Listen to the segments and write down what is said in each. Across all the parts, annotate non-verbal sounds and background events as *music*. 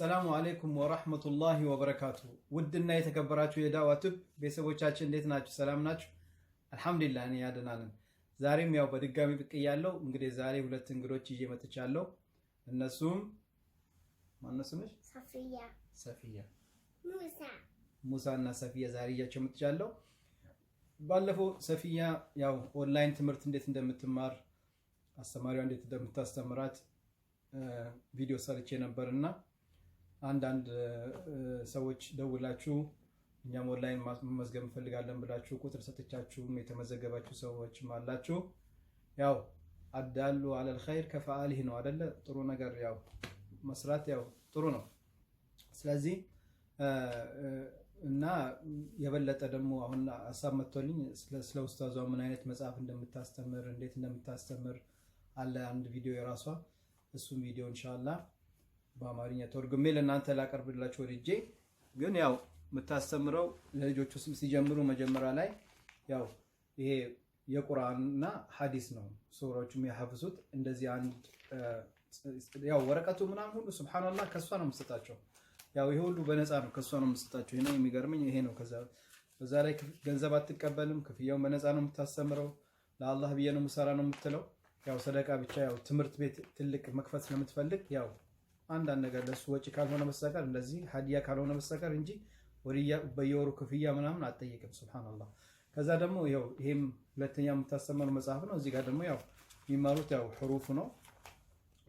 አሰላሙ አሌይኩም ወራህመቱላሂ ወበረካቱ። ውድና የተከበራችሁ የዳዋ ቱብ ቤተሰቦቻችን እንዴት ናችሁ? ሰላም ናችሁ? አልሐምዱሊላህ እኔ ያደናለን። ዛሬም ያው በድጋሚ ብቅ እያለሁ እንግዲህ ዛሬ ሁለት እንግዶች ይዤ መጥቻለሁ። እነሱም ማነው ስምሽ? ሰፊያ ሰፊያ ሙሳ እና ሰፊያ ዛሬ እያቸው መጥቻለሁ። ባለፈው ሰፊያ ያው ኦንላይን ትምህርት እንዴት እንደምትማር አስተማሪዋ እንዴት እንደምታስተምራት ቪዲዮ ሰርቼ ነበርና አንዳንድ ሰዎች ደውላችሁ እኛም ኦንላይን መመዝገብ እንፈልጋለን ብላችሁ ቁጥር ሰጥቻችሁም የተመዘገባችሁ ሰዎችም አላችሁ። ያው አዳሉ አለል ኸይር ከፈአሊህ ነው አደለ? ጥሩ ነገር ያው መስራት ያው ጥሩ ነው። ስለዚህ እና የበለጠ ደግሞ አሁን ሀሳብ መጥቶልኝ ስለ ውስታዟ ምን አይነት መጽሐፍ እንደምታስተምር እንዴት እንደምታስተምር አለ አንድ ቪዲዮ የራሷ እሱም ቪዲዮ እንሻላ? በአማርኛ ተርጉሜ ለእናንተ ላቀርብላችሁ ወድጄ፣ ግን ያው የምታስተምረው ለልጆቹ ስም ሲጀምሩ መጀመሪያ ላይ ያው ይሄ የቁርአንና ሀዲስ ነው። ሱራዎቹ የሚያሐፍዙት እንደዚህ አንድ ያው ወረቀቱ ምናምን ሁሉ ስብሓንላ ከእሷ ነው የምሰጣቸው። ያው ይሄ ሁሉ በነፃ ነው ከእሷ ነው የምሰጣቸው። ይሄ የሚገርመኝ ይሄ ነው። በዛ ላይ ገንዘብ አትቀበልም። ክፍያውን በነፃ ነው የምታስተምረው። ለአላህ ብዬ ነው የምሰራ ነው የምትለው። ያው ሰደቃ ብቻ ያው ትምህርት ቤት ትልቅ መክፈት ስለምትፈልግ ያው አንዳንድ ነገር ለሱ ወጪ ካልሆነ በስተቀር እንደዚህ ሀዲያ ካልሆነ በስተቀር እንጂ በየወሩ ክፍያ ምናምን አትጠይቅም። ሱብሃነላህ። ከዛ ደግሞ ይኸው ይሄም ሁለተኛ የምታስተምረው መጽሐፍ ነው። እዚህ ጋር ደግሞ ያው የሚማሩት ያው ሑሩፍ ነው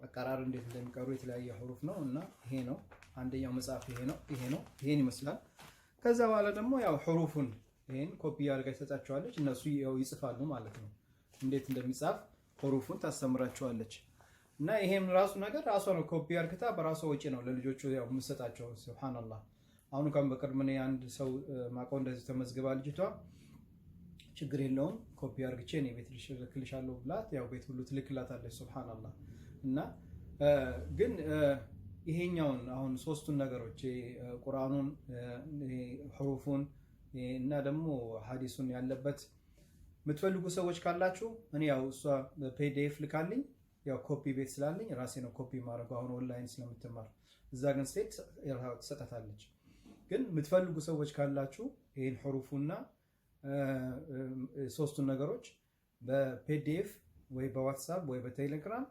አቀራር እንዴት እንደሚቀሩ የተለያየ ሁሩፍ ነው እና ይሄ ነው አንደኛው መጽሐፍ ይሄ ነው ይሄ ነው ይሄን ይመስላል። ከዛ በኋላ ደግሞ ያው ሁሩፉን ይሄን ኮፒ አድርጋ ይሰጣቸዋለች። እነሱ ያው ይጽፋሉ ማለት ነው። እንዴት እንደሚጻፍ ሁሩፉን ታስተምራቸዋለች። እና ይሄም ራሱ ነገር ራሷ ነው ኮፒ አርክታ በራሷ ወጪ ነው ለልጆቹ ያው የምሰጣቸው። ስብሓንላህ አሁን ከም በቅርብ እኔ አንድ ሰው ማቆ እንደዚህ ተመዝግባ ልጅቷ ችግር የለውም ኮፒ አርግቼ እኔ ቤት ልክልሻለሁ ብላት ያው ቤት ሁሉ ትልክላታለች። ስብሓንላህ እና ግን ይሄኛውን አሁን ሶስቱን ነገሮች ቁርአኑን፣ ሕሩፉን እና ደግሞ ሀዲሱን ያለበት የምትፈልጉ ሰዎች ካላችሁ እኔ ያው እሷ ፔዲኤፍ ልካልኝ ያው ኮፒ ቤት ስላለኝ ራሴ ነው ኮፒ ማድረገው። አሁን ኦንላይን ስለምትማር እዛ ግን ስቴት ትሰጠታለች። ግን የምትፈልጉ ሰዎች ካላችሁ ይህን ሑሩፉና ሶስቱን ነገሮች በፒዲኤፍ ወይ በዋትሳፕ ወይ በቴሌግራም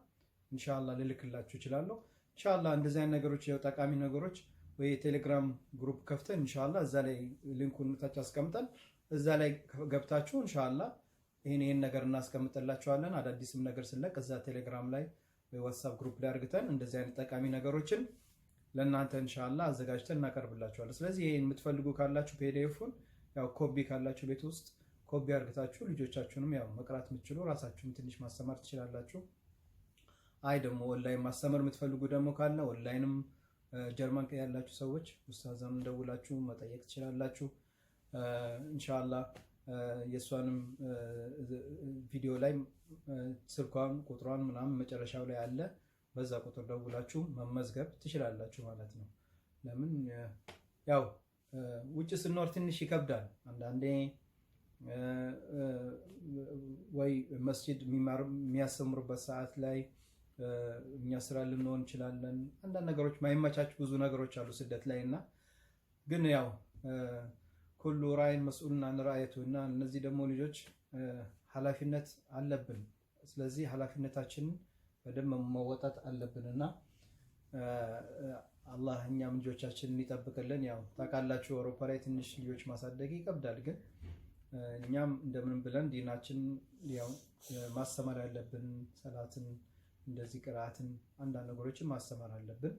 እንሻላ ልልክላችሁ እችላለሁ። እንሻላ እንደዚህ አይነት ነገሮች ጠቃሚ ነገሮች ወይ የቴሌግራም ግሩፕ ከፍተን እንሻላ እዛ ላይ ሊንኩን ታች አስቀምጠን እዛ ላይ ገብታችሁ እንሻላ ይህን ይህን ነገር እናስቀምጥላቸዋለን። አዳዲስም ነገር ስለቅ እዛ ቴሌግራም ላይ ወይ ዋትሳፕ ግሩፕ ላይ አድርግተን እንደዚህ አይነት ጠቃሚ ነገሮችን ለእናንተ እንሻላ አዘጋጅተን እናቀርብላቸዋለን። ስለዚህ ይህን የምትፈልጉ ካላችሁ ፒዲኤፉን ያው ኮቢ ካላችሁ ቤት ውስጥ ኮቢ አድርግታችሁ ልጆቻችሁንም ያው መቅራት የምትችሉ ራሳችሁን ትንሽ ማስተማር ትችላላችሁ። አይ ደግሞ ኦንላይን ማስተማር የምትፈልጉ ደግሞ ካለ ኦንላይንም ጀርመን ያላችሁ ሰዎች ውስታዛም እንደውላችሁ መጠየቅ ትችላላችሁ። እንሻላ የእሷንም ቪዲዮ ላይ ስልኳን ቁጥሯን ምናምን መጨረሻው ላይ አለ። በዛ ቁጥር ደውላችሁ መመዝገብ ትችላላችሁ ማለት ነው። ለምን ያው ውጭ ስንኖር ትንሽ ይከብዳል። አንዳንዴ ወይ መስጂድ የሚያስተምሩበት ሰዓት ላይ እኛ ስራ ልንሆን እንችላለን። አንዳንድ ነገሮች ማይመቻች ብዙ ነገሮች አሉ ስደት ላይ እና ግን ያው ኩሉ ራይን መስኡልን አን እና እነዚህ ደግሞ ልጆች ኃላፊነት አለብን። ስለዚህ ኃላፊነታችንን በደንብ መወጣት አለብን እና አላህ እኛም ልጆቻችንን ይጠብቅልን። ያው ታውቃላችሁ አውሮፓ ላይ ትንሽ ልጆች ማሳደግ ይከብዳል፣ ግን እኛም እንደምንም ብለን ዲናችን ያው ማስተማር ያለብን ሰላትን፣ እንደዚህ ቅርአትን፣ አንዳንድ ነገሮችን ማስተማር አለብን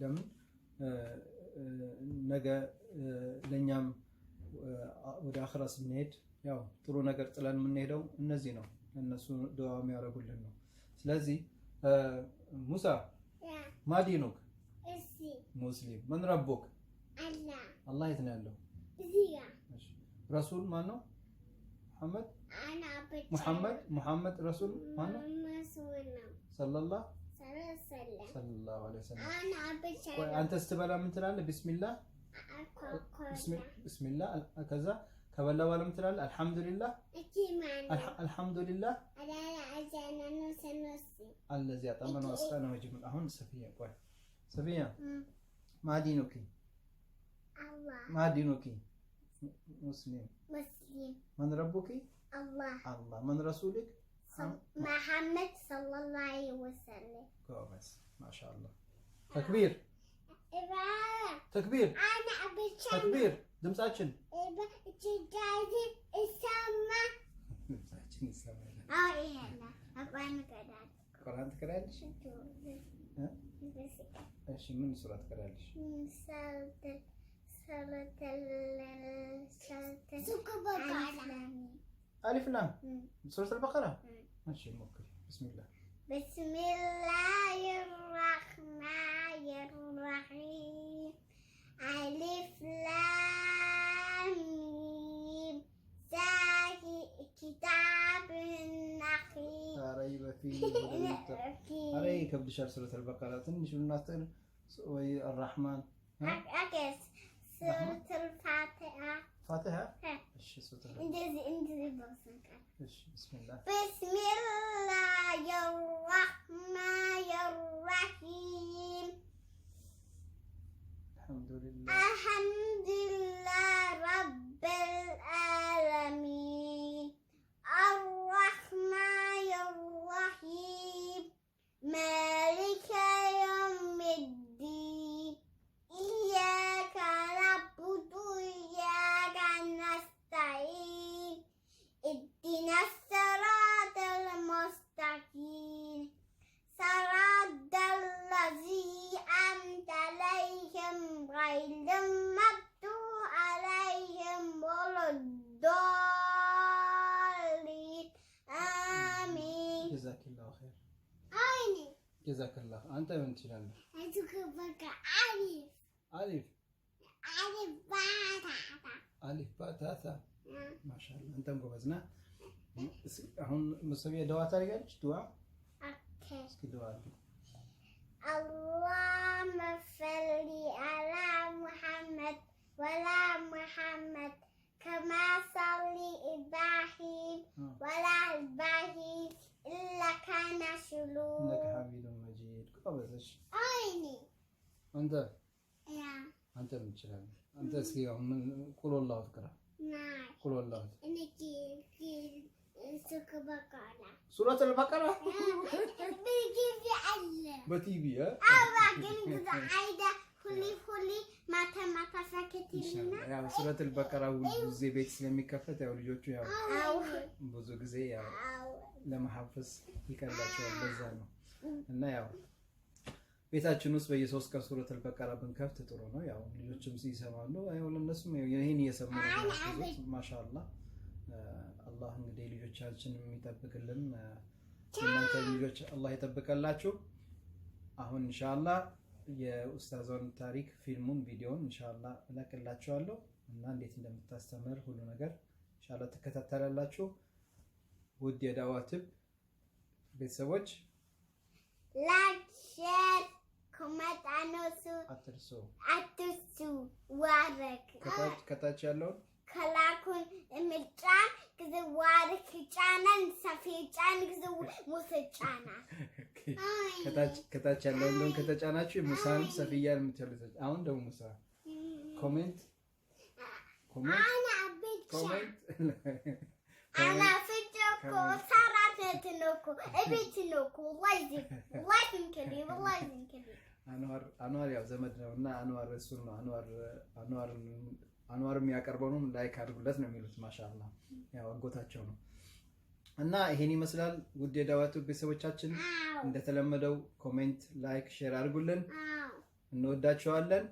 ለምን ነገ ለእኛም ወደ አኽራ ስንሄድ ያው ጥሩ ነገር ጥለን የምንሄደው እነዚህ ነው፣ እነሱ ድዋ የሚያደርጉልን ነው። ስለዚህ ሙሳ ማዲኑክ ሙስሊም ምን ረቦክ አላህ የት ነው ያለው? ረሱል ማን ነው? ሙሐመድ ሙሐመድ ረሱል ማን ነው? ሰለላህ صلى الله عليه وسلم انا ابي انت استبلا من تلاله بسم الله بسم, بسم الله كذا كبلا ولا من تلال الحمد لله الح... الحمد لله الذي اطمن واسكن ويجب الاهون صفيه كوي صفيه ما دينك؟ الله ما دينك؟ مسلم مسلم من ربك؟ الله الله من رسولك؟ መሐመድ ሰለላሁ ዐለይሂ ወሰለም። ጎበዝ ተክቢር ተክቢር ተክቢር። ድምጻችን ቁርአን ትቀዳለሽ? እሺ፣ ምን ሱራ ትቀዳለሽ? ሰለተል ሰለተል ألف لام سورة البقرة ماشي موكل بسم الله بسم الله الرحمن الرحيم ألف لام كتاب النخيل ريب فيه أريك قبل شهر سورة البقرة تنش الناطر الرحمن أكس سورة الفاتحة فاتحة بسم الله يا الرحمن الرحيم الحمد لله الحمد لله رب العالمين الرحمن الرحيم مالك ጀዛከላ አንተ ምን ትችላለህ? አሊፍ አሊፍ ባታታ ማሻአላ። አንተም ጎበዝ ነህ። አሁን ሙሰቢያ ደዋ ታደርጋለች። ድዋ እስኪ ድዋ አላሁመ ሰሊ አላ ሙሐመድ ወላ ሙሐመድ ከማ ሰሊ ኢብራሂም ወላ ኢብራሂም ኢላ ካነ ሽሉ ሐሚዱ መጂድ ጎበዘሽ። አይኒ አንተ አንተ ምን ትችላለህ? አንተ እስኪ አሁን ቁል ወላሁ ትቅራ። ቁል ወላሁ ሱረቱል በቀራ በቲቪ ሱረቱል በቀራ ሁሉ ጊዜ ቤት ስለሚከፈት ያው ልጆቹ ያው ብዙ ጊዜ ያው ለመሐፈዝ ይቀላቸዋል። በዛ ነው እና ያው ቤታችን ውስጥ በየሶስት ቀን ሱረቱል በቀራ ብንከፍት ጥሩ ነው። ያው ልጆችም ይሰማሉ። ያው ለነሱም ይሄን እየሰሙ ማሻአላህ አላህ እንግዲህ ልጆቻችን የሚጠብቅልን እናንተ ልጆች አላህ ይጠብቀላችሁ። አሁን ኢንሻአላህ የኡስታዟን ታሪክ ፊልሙን፣ ቪዲዮን እንሻላ እለቅላችኋለሁ እና እንዴት እንደምታስተምር ሁሉ ነገር እንሻላ ትከታተላላችሁ። ውድ የዳዋ ትብ ቤተሰቦች ላይክ፣ ሼር፣ አትርሱ አትርሱ። ዋረክ ከታች ያለውን ከላኩን እምጫን ጊዜ ዋረክ ጫናን ሰፌ ጫን ጊዜ ሙስ ጫና *laughs* ከታች ያለው ደሞ ከተጫናችሁ ሙሳን ሰፊያን የምትሉት አሁን ደግሞ ሙሳ ኮሜንት ኮሜንት *laughs* *laughs* አንዋር ያው ዘመድ ነው እና አንዋር እሱን ነው አንዋር የሚያቀርበውን ላይክ አድርጉለት ነው የሚሉት። ያው አጎታቸው ነው። እና ይሄን ይመስላል ውድ የዳዋቱ ቤተሰቦቻችን፣ እንደተለመደው ኮሜንት፣ ላይክ፣ ሼር አድርጉልን። እንወዳቸዋለን።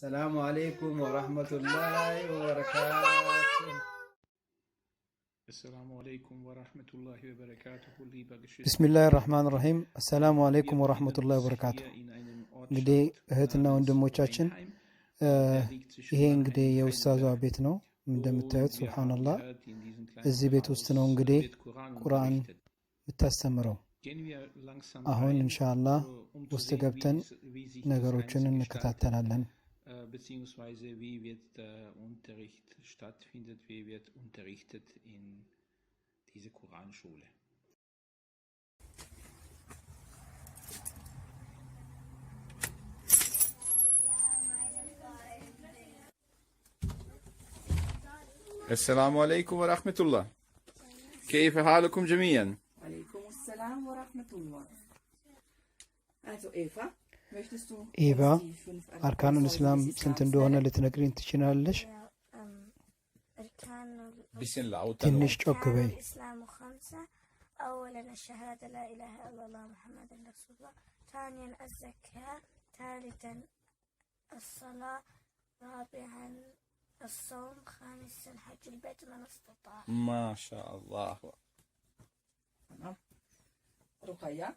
ሰላሙ አሌይኩም ወራህመቱላሂ ወበረካቱሁ። السلام عليكم ورحمة الله وبركاته بسم الله እንግዲህ እህትና ወንድሞቻችን ይሄ እንግዲህ የውሳዟ ቤት ነው። እንደምታዩት ሱብሓነላህ እዚህ ቤት ውስጥ ነው እንግዲህ ቁርአን የምታስተምረው። አሁን እንሻላ ውስጥ ገብተን ነገሮችን እንከታተላለን። beziehungsweise السلام عليكم ورحمة الله كيف حالكم جميعا؟ عليكم السلام ورحمة الله أنتو إيفا ኢቫ አርካኑን እስላም ስንት እንደሆነ ልትነግሪን ትችላለሽ? ትንሽ الإسلام خمسة أولا الشهادة لا إله إلا الله محمد رسول الله ثانيا الزكاة ثالثا الصلاة رابعا الصوم خامسا حج البيت من استطاع ما شاء الله تمام رقية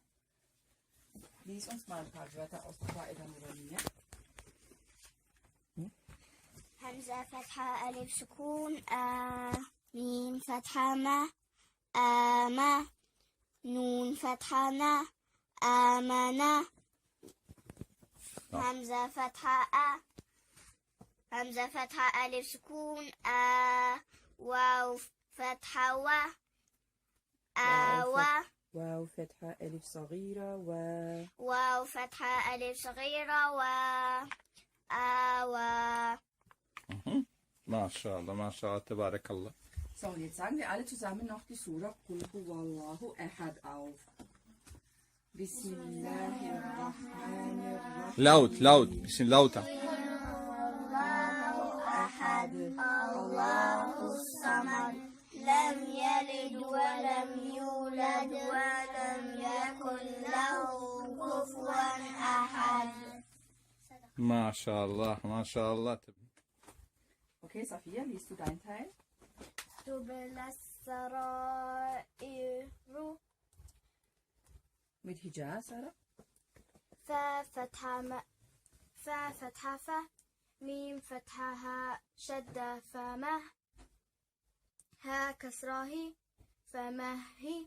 ليس uns mal ein paar Wörter aus der Faida Moroniya. همزة فتحة ألف سكون آه ميم فتحة ما آما نون فتحة نا آمنا آه. همزة فتحة أ همزة فتحة ألف سكون آ واو فتحة و آ و واو فتحة ألف صغيرة و واو فتحة ألف صغيرة و آ و ما شاء الله ما شاء الله تبارك الله So, jetzt sagen wir alle zusammen noch die Sura Kul Huwallahu Ahad auf. Bismillahirrahmanirrahim. Laut, laut, bisschen lauter. أحد الله الصمد لم يلد ولم يولد ولم يكن له كفوا أحد ما شاء الله ما شاء الله Okay, Sophia, liest du deinen Teil? تبلى السرائر fa Hijaz, fa fa فتح fa ميم فتحة شد شدة فمه ها كسره فمه هي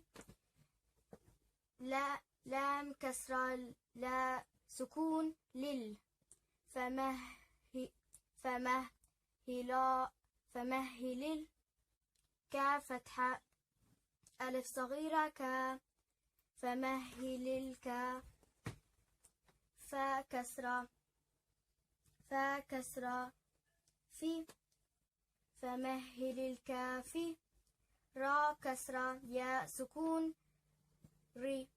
لا لام كسرة لا سكون لل فمه هي فمه هي لا فمه هي لل ك فتحة ألف صغيرة ك فمه هي ك الك فكسرة فكسرى في فمهل الكافي را كسرا يا سكون ري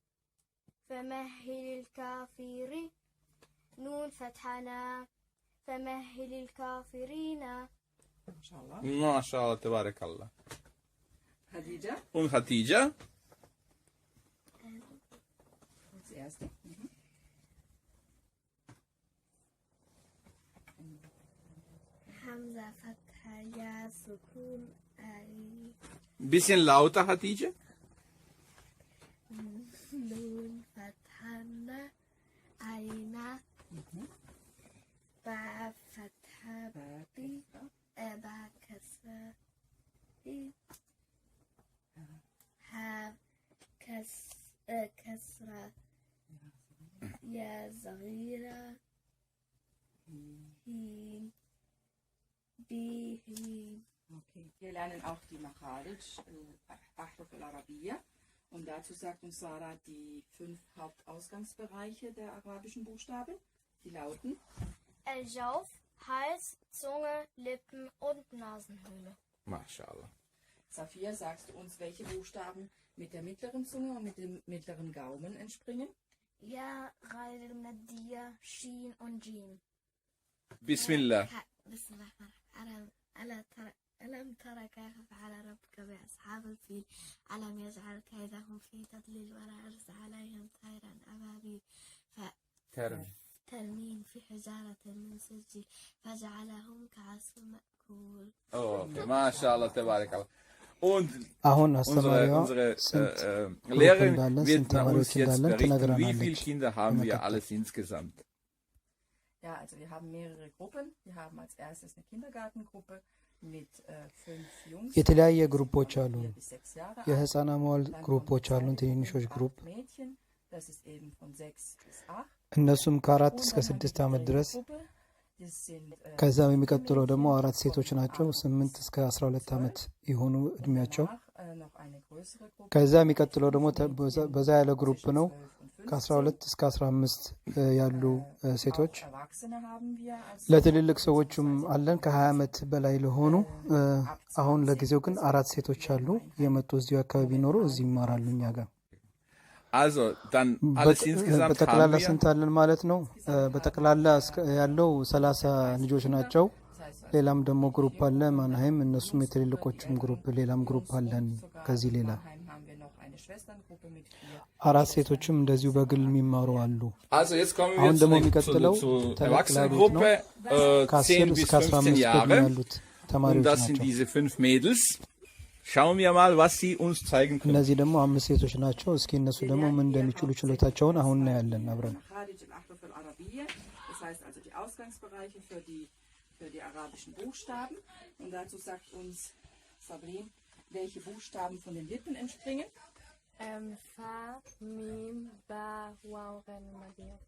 فمهل الكافر نون فتحنا فمهل الكافرين ما شاء الله ما شاء الله تبارك الله خديجة أم خديجة حمزة فتحة يا سكون أي بسم لاوتا هتيجة نون فتحة عينا باء فتحة بي أبا كسرة ها كسرة يا صغيرة kennen auch die Makaric, Ahlul äh, al-Arabiya. Und dazu sagt uns Sarah die fünf Hauptausgangsbereiche der arabischen Buchstaben. Die lauten el jauf Hals, Zunge, Lippen und Nasenhöhle. MashaAllah. Safia, sagst du uns, welche Buchstaben mit der mittleren Zunge und mit dem mittleren Gaumen entspringen? Ja, Rail, Nadir, Shin und Jin. Bismillah. Bismillah. ألم تر كيف فعل ربك بأصحاب الفيل ألم يجعل كيدهم في تضليل وأرس عليهم طيرا أبابيل ف... ترميم في حجارة من سجيل فجعلهم كعصف مأكول أوه ما شاء الله تبارك الله Und unsere, unsere äh, äh, Lehrerin wird nach uns jetzt berichten, wie viele Kinder haben wir alles insgesamt? Ja, also wir haben mehrere Gruppen. Wir haben als erstes eine Kindergartengruppe, Äh, የተለያየ ግሩፖች አሉ። የህፃና መዋል ግሩፖች አሉን። ትንንሾች ግሩፕ እነሱም ከአራት እስከ ስድስት ዓመት ድረስ äh, ከዛም የሚቀጥለው ደግሞ አራት ሴቶች ናቸው። ስምንት እስከ አስራ ሁለት ዓመት የሆኑ እድሜያቸው። äh, ከዛ የሚቀጥለው ደግሞ በዛ ያለ ግሩፕ ነው። ከ12 እስከ 15 ያሉ ሴቶች ለትልልቅ ሰዎችም አለን ከ20 ዓመት በላይ ለሆኑ። አሁን ለጊዜው ግን አራት ሴቶች አሉ የመጡ እዚሁ አካባቢ ቢኖሩ እዚህ ይማራሉ እኛ ጋር። በጠቅላላ ስንት አለን ማለት ነው? በጠቅላላ ያለው 30 ልጆች ናቸው። ሌላም ደግሞ ግሩፕ አለ ማናሀይም እነሱም የትልልቆችም ግሩፕ ሌላም ግሩፕ አለን ከዚህ ሌላ አራት ሴቶችም እንደዚሁ በግል የሚማሩ አሉ። አሁን ደግሞ የሚቀጥለው ተለቅላቤት ነው። ከአስር እስከ አስራ አምስት ዕድሜ ያሉት ተማሪዎች ናቸው። Schauen wir mal, was sie uns zeigen können. እነዚህ ደግሞ አምስት ሴቶች ናቸው። እስኪ እነሱ ደግሞ ምን እንደሚችሉ ችሎታቸውን አሁን እናያለን አብረን für die arabischen Buchstaben. Und dazu sagt uns Sabrin, welche Buchstaben von den Lippen entspringen. فمیم با واو غير المادية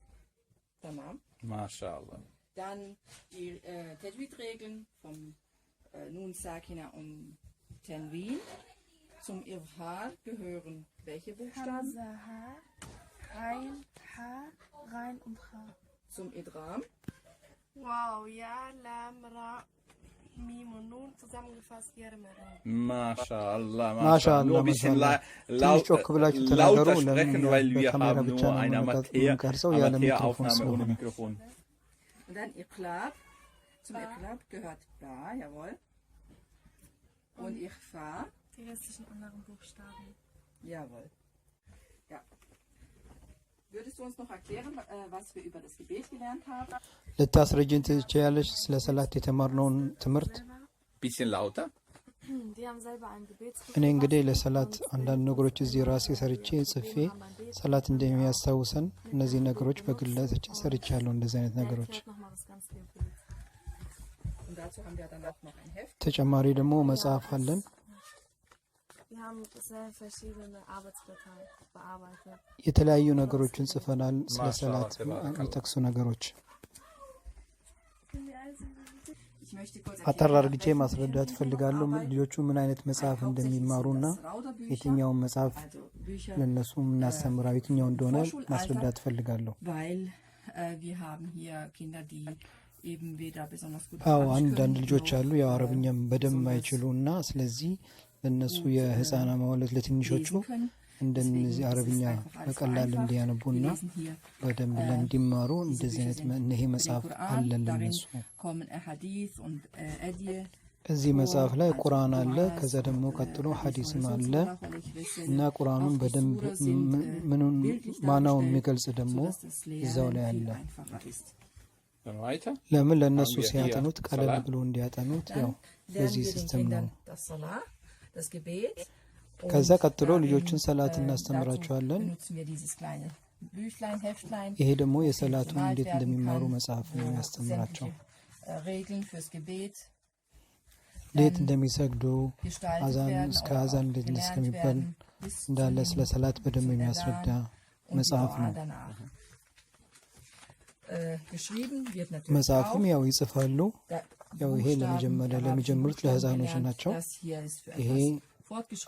تمام ما شاء الله Dann die äh, Tajwid-Regeln vom äh, Nun, Sakina und Tenwin. Zum Irhar gehören welche Buchstaben? Hamza, Ha, Rein, Ha, Rein und Ha. Zum Idram? Wow, Ja, Lam, Ra Mim und Nun zusammengefasst MashaAllah, Nur ein bisschen lauter sprechen, weil wir haben nur eine Amateuraufnahme ohne Mikrofon. Und dann Iqlab. Zum Iqlab gehört Ba, jawohl. Und Ikhfa. Die restlichen anderen Buchstaben. Jawohl. würdest du uns noch erklären, äh, was wir über das Gebet gelernt haben? ልታስረጅን ትችያለሽ? ስለ ሰላት የተማርነውን ትምህርት ቢስን ላውጣ። እኔ እንግዲህ ለሰላት አንዳንድ ነገሮች እዚህ ራሴ ሰርቼ ጽፌ ሰላት እንደሚያስታውሰን እነዚህ ነገሮች ሰርች ሰርቻለሁ። እንደዚህ አይነት ነገሮች ተጨማሪ ደግሞ መጽሐፍ አለን። የተለያዩ ነገሮችን ጽፈናል። ስለ ሰላት የሚጠቅሱ ነገሮች አጠር አድርጌ ማስረዳት እፈልጋለሁ። ልጆቹ ምን አይነት መጽሐፍ እንደሚማሩ ና የትኛውን መጽሐፍ ለነሱ የምናስተምራው äh, የትኛው እንደሆነ ማስረዳት እፈልጋለሁ። äh, አዎ አንዳንድ ልጆች አሉ ያው äh, አረብኛም በደንብ እና ስለዚህ ለእነሱ የህፃና መውለድ ለትንሾቹ እንደነዚህ አረብኛ በቀላል እንዲያነቡና በደንብ እንዲማሩ እንደዚህ አይነት ይሄ መጽሐፍ አለን ለነሱ። እዚህ መጽሐፍ ላይ ቁርአን አለ፣ ከዛ ደግሞ ቀጥሎ ሀዲስም አለ እና ቁርአኑን በደንብ ምኑን ማናው የሚገልጽ ደግሞ እዛው ላይ አለ። ለምን ለእነሱ ሲያጠኑት ቀለል ብሎ እንዲያጠኑት ያው በዚህ ሲስተም ነው። ከዛ ቀጥሎ ልጆቹን ሰላት äh, እናስተምራቸዋለን። ይሄ ደግሞ የሰላቱን እንዴት እንደሚማሩ መጽሐፍ ነው የሚያስተምራቸው። äh, እንዴት እንደሚሰግዱ አዛን እስከ አዛን እንዴት እስከሚባል እንዳለ ስለ ሰላት በደንብ የሚያስረዳ መጽሐፍ ነው። Äh, መጽሐፍም ያው ይጽፋሉ። ያው ይሄ ለመጀመሪያ ለሚጀምሩት ለህፃኖች ናቸው። ይሄ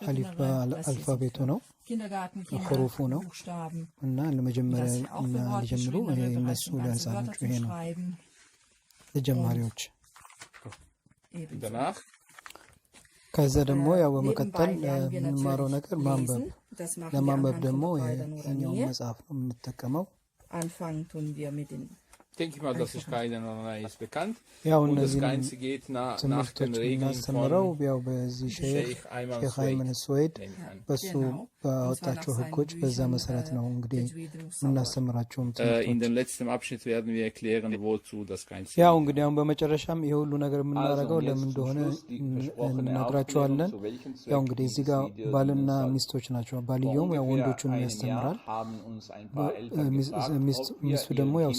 አሊፍ አልፋቤቱ ነው፣ ሁሩፉ ነው እና ለመጀመሪያ እና ሊጀምሩ um እነሱ ለህፃኖቹ ይሄ ነው ለጀማሪዎች። ከዛ ደግሞ ያው በመቀጠል የምንማረው ነገር ማንበብ፣ ለማንበብ ደግሞ ይኛው መጽሐፍ ነው የምንጠቀመው anfangen tun wir mit den denke ich mal, das ist keinen Anais bekannt. Ja, und, und das Ganze geht na, nach den Regeln von ያው በዚህ ሼክ ሃይማኖት ስዌድ በሱ ባወጣቸው ህጎች በዛ መሰረት ነው እንግዲህ የምናስተምራቸውም ትምህርቶች። ያው እንግዲህ አሁን በመጨረሻም ይህ ሁሉ ነገር የምናደርገው ለምን እንደሆነ እንነግራቸዋለን። ያው እንግዲህ እዚህ ጋር ባልና ሚስቶች ናቸው። ባልየውም ያው ወንዶቹን ያስተምራል፣ ሚስቱ ደግሞ ያው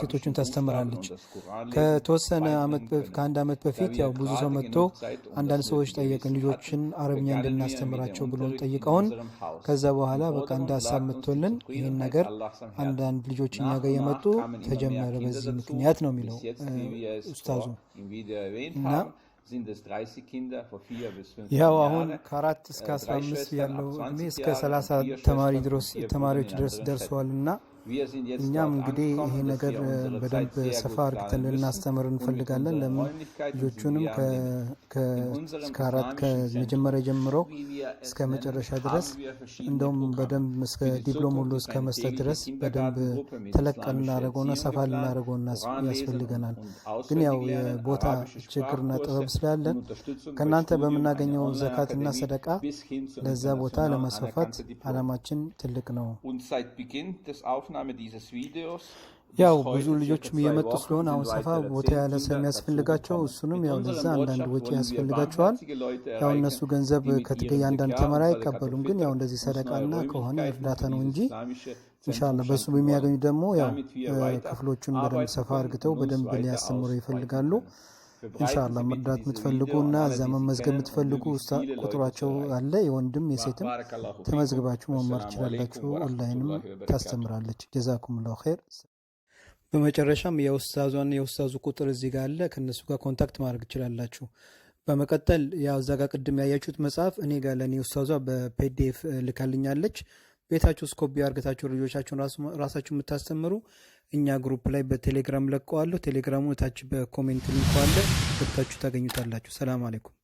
ሴቱ ትምህርቶችን ታስተምራለች። ከተወሰነ ከአንድ ዓመት በፊት ያው ብዙ ሰው መጥቶ አንዳንድ ሰዎች ጠየቅን፣ ልጆችን አረብኛ እንድናስተምራቸው ብሎን ጠይቀውን፣ ከዛ በኋላ በቃ እንደ ሀሳብ መጥቶልን ይህን ነገር አንዳንድ ልጆች እኛ ጋር የመጡ ተጀመረ። በዚህ ምክንያት ነው የሚለው ኡስታዙ እና ያው አሁን ከአራት እስከ አስራ አምስት ያለው እድሜ እስከ ሰላሳ ተማሪ ተማሪዎች ድረስ ደርሰዋል እና እኛም እንግዲህ ይሄ ነገር በደንብ ሰፋ አርግተን ልናስተምር እንፈልጋለን። ለምን ልጆቹንም ከአራት ከመጀመሪያ ጀምሮ እስከ መጨረሻ ድረስ እንደውም በደንብ እስከ ዲፕሎም ሁሉ እስከ መስጠት ድረስ በደንብ ተለቅ ልናደርገውና ሰፋ ልናደርገው ያስፈልገናል። ግን ያው የቦታ ችግርና ጥበብ ስላለን ከእናንተ በምናገኘው ዘካትና ሰደቃ ለዛ ቦታ ለማስፋፋት አላማችን ትልቅ ነው። ያው ብዙ ልጆችም እየመጡ ስለሆነ አሁን ሰፋ ቦታ ያለ ያስፈልጋቸው እሱንም ያው ለዛ አንዳንድ ወጪ ያስፈልጋቸዋል። ያው እነሱ ገንዘብ ከትገ አንዳንድ ተመራ አይቀበሉም፣ ግን ያው እንደዚህ ሰደቃና ከሆነ እርዳታ ነው እንጂ እንሻላ በእሱ በሚያገኙ ደግሞ ያው ክፍሎቹን በደንብ ሰፋ እርግተው በደንብ ሊያስተምሩ ይፈልጋሉ። ኢንሻላ መርዳት የምትፈልጉ እና እዛ መመዝገብ የምትፈልጉ ቁጥሯቸው አለ። የወንድም የሴትም ተመዝግባችሁ መማር ትችላላችሁ። ኦንላይንም ታስተምራለች። ጀዛኩሙላሁ ኸይር። በመጨረሻም የውስታዟን የውስታዙ ቁጥር እዚህ ጋር አለ። ከእነሱ ጋር ኮንታክት ማድረግ ትችላላችሁ። በመቀጠል ያው እዛ ጋር ቅድም ያያችሁት መጽሐፍ እኔ ጋር ለእኔ ውስታዟ በፒዲኤፍ ልካልኛለች። ቤታችሁ ስኮቢ አርገታችሁ ልጆቻችሁን ራሳችሁ የምታስተምሩ እኛ ግሩፕ ላይ በቴሌግራም ለቀዋለሁ። ቴሌግራሙ እታች በኮሜንት ሊንኩ ገብታችሁ ታገኙታላችሁ። ሰላም አለይኩም።